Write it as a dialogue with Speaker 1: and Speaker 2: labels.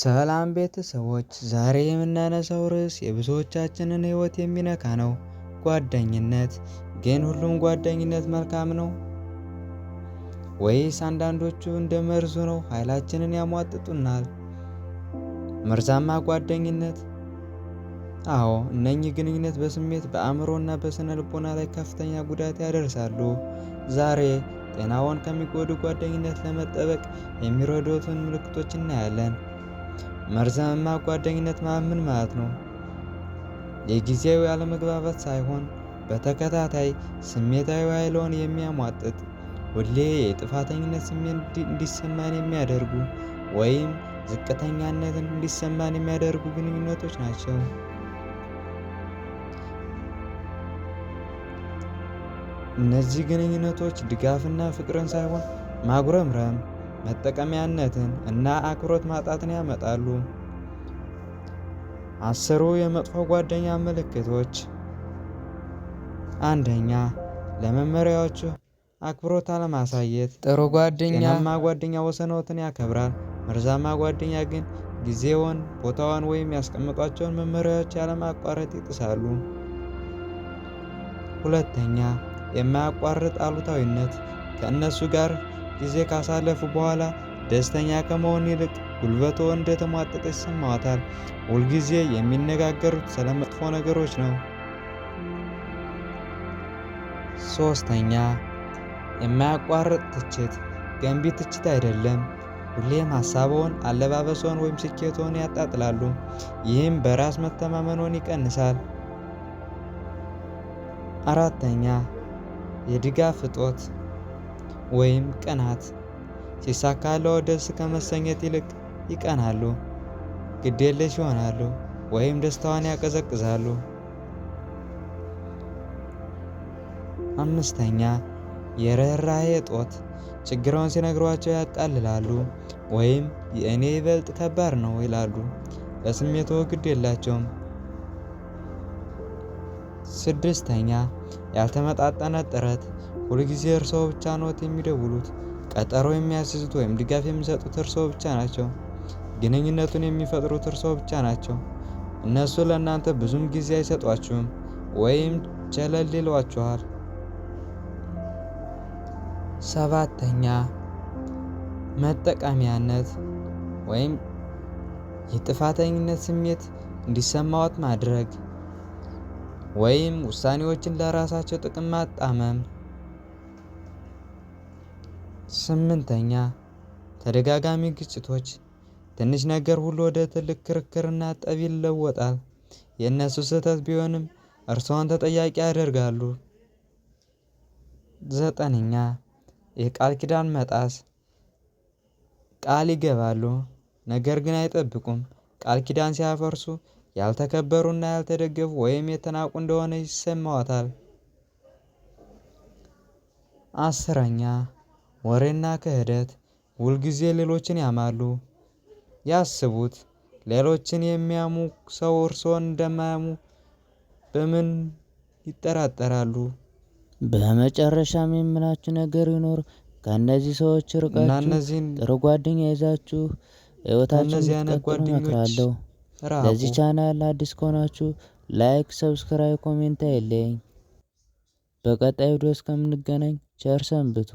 Speaker 1: ሰላም ቤተሰቦች፣ ዛሬ የምናነሳው ርዕስ የብዙዎቻችንን ሕይወት የሚነካ ነው፣ ጓደኝነት። ግን ሁሉም ጓደኝነት መልካም ነው ወይስ አንዳንዶቹ እንደ መርዙ ነው ኃይላችንን ያሟጥጡናል? መርዛማ ጓደኝነት። አዎ፣ እነኚህ ግንኙነት በስሜት በአእምሮና በስነ ልቦና ላይ ከፍተኛ ጉዳት ያደርሳሉ። ዛሬ ጤናውን ከሚጎዱ ጓደኝነት ለመጠበቅ የሚረዱትን ምልክቶች እናያለን። መርዛማ ጓደኝነት ምን ማለት ነው? የጊዜያዊ አለመግባባት ሳይሆን በተከታታይ ስሜታዊ ኃይሎን የሚያሟጥጥ ሁሌ የጥፋተኝነት ስሜት እንዲሰማን የሚያደርጉ ወይም ዝቅተኛነትን እንዲሰማን የሚያደርጉ ግንኙነቶች ናቸው። እነዚህ ግንኙነቶች ድጋፍና ፍቅርን ሳይሆን ማጉረምረም መጠቀሚያነትን እና አክብሮት ማጣትን ያመጣሉ። አስሩ የመጥፎ ጓደኛ ምልክቶች፣ አንደኛ ለመመሪያዎቹ አክብሮት አለማሳየት።
Speaker 2: ጥሩ ጓደኛ ጤናማ
Speaker 1: ጓደኛ ወሰኖትን ያከብራል። መርዛማ ጓደኛ ግን ጊዜውን፣ ቦታውን ወይም ያስቀምጧቸውን መመሪያዎች ያለማቋረጥ ይጥሳሉ። ሁለተኛ የማያቋርጥ አሉታዊነት ከእነሱ ጋር ጊዜ ካሳለፉ በኋላ ደስተኛ ከመሆን ይልቅ ጉልበቶ እንደተሟጠጠ ይሰማዋታል። ሁልጊዜ የሚነጋገሩት ስለ መጥፎ ነገሮች ነው። ሶስተኛ የማያቋርጥ ትችት ገንቢ ትችት አይደለም። ሁሌም ሀሳቦን፣ አለባበሶን ወይም ስኬቶን ያጣጥላሉ። ይህም በራስ መተማመኖን ይቀንሳል። አራተኛ የድጋፍ እጦት ወይም ቅናት ሲሳካለው ደስ ከመሰኘት ይልቅ ይቀናሉ፣ ግዴለሽ ይሆናሉ ወይም ደስታዋን ያቀዘቅዛሉ። አምስተኛ የርኅራኄ እጦት ችግረውን ሲነግሯቸው ያቃልላሉ ወይም የእኔ ይበልጥ ከባድ ነው ይላሉ። ለስሜቶ ግድ የላቸውም። ስድስተኛ ያልተመጣጠነ ጥረት ሁልጊዜ እርስዎ ብቻ ነዎት የሚደውሉት፣ ቀጠሮ የሚያስይዙት ወይም ድጋፍ የሚሰጡት እርስዎ ብቻ ናቸው። ግንኙነቱን የሚፈጥሩት እርስዎ ብቻ ናቸው። እነሱ ለእናንተ ብዙም ጊዜ አይሰጧችሁም ወይም ቸለል ይሏችኋል። ሰባተኛ መጠቀሚያነት ወይም የጥፋተኝነት ስሜት እንዲሰማዎት ማድረግ ወይም ውሳኔዎችን ለራሳቸው ጥቅም ማጣመም ስምንተኛ ተደጋጋሚ ግጭቶች ትንሽ ነገር ሁሉ ወደ ትልቅ ክርክርና ጠብ ይለወጣል። የእነሱ ስህተት ቢሆንም እርስዎን ተጠያቂ ያደርጋሉ። ዘጠነኛ የቃል ኪዳን መጣስ ቃል ይገባሉ ነገር ግን አይጠብቁም። ቃል ኪዳን ሲያፈርሱ ያልተከበሩና ያልተደገፉ ወይም የተናቁ እንደሆነ ይሰማዎታል። አስረኛ ወሬና ክህደት ሁልጊዜ ሌሎችን ያማሉ። ያስቡት ሌሎችን የሚያሙ ሰው እርስዎን እንደማያሙ በምን ይጠራጠራሉ?
Speaker 2: በመጨረሻም የምላችሁ ነገር ይኖር ከእነዚህ ሰዎች ርቃችሁ ጥሩ ጓደኛ ይዛችሁ ህይወታችሁን እመክራለሁ። ለዚህ ቻናል አዲስ ከሆናችሁ ላይክ፣ ሰብስክራይብ፣ ኮሜንት አይለየኝ። በቀጣይ ቪዲዮ እስከምንገናኝ ቸር ሰንብቱ።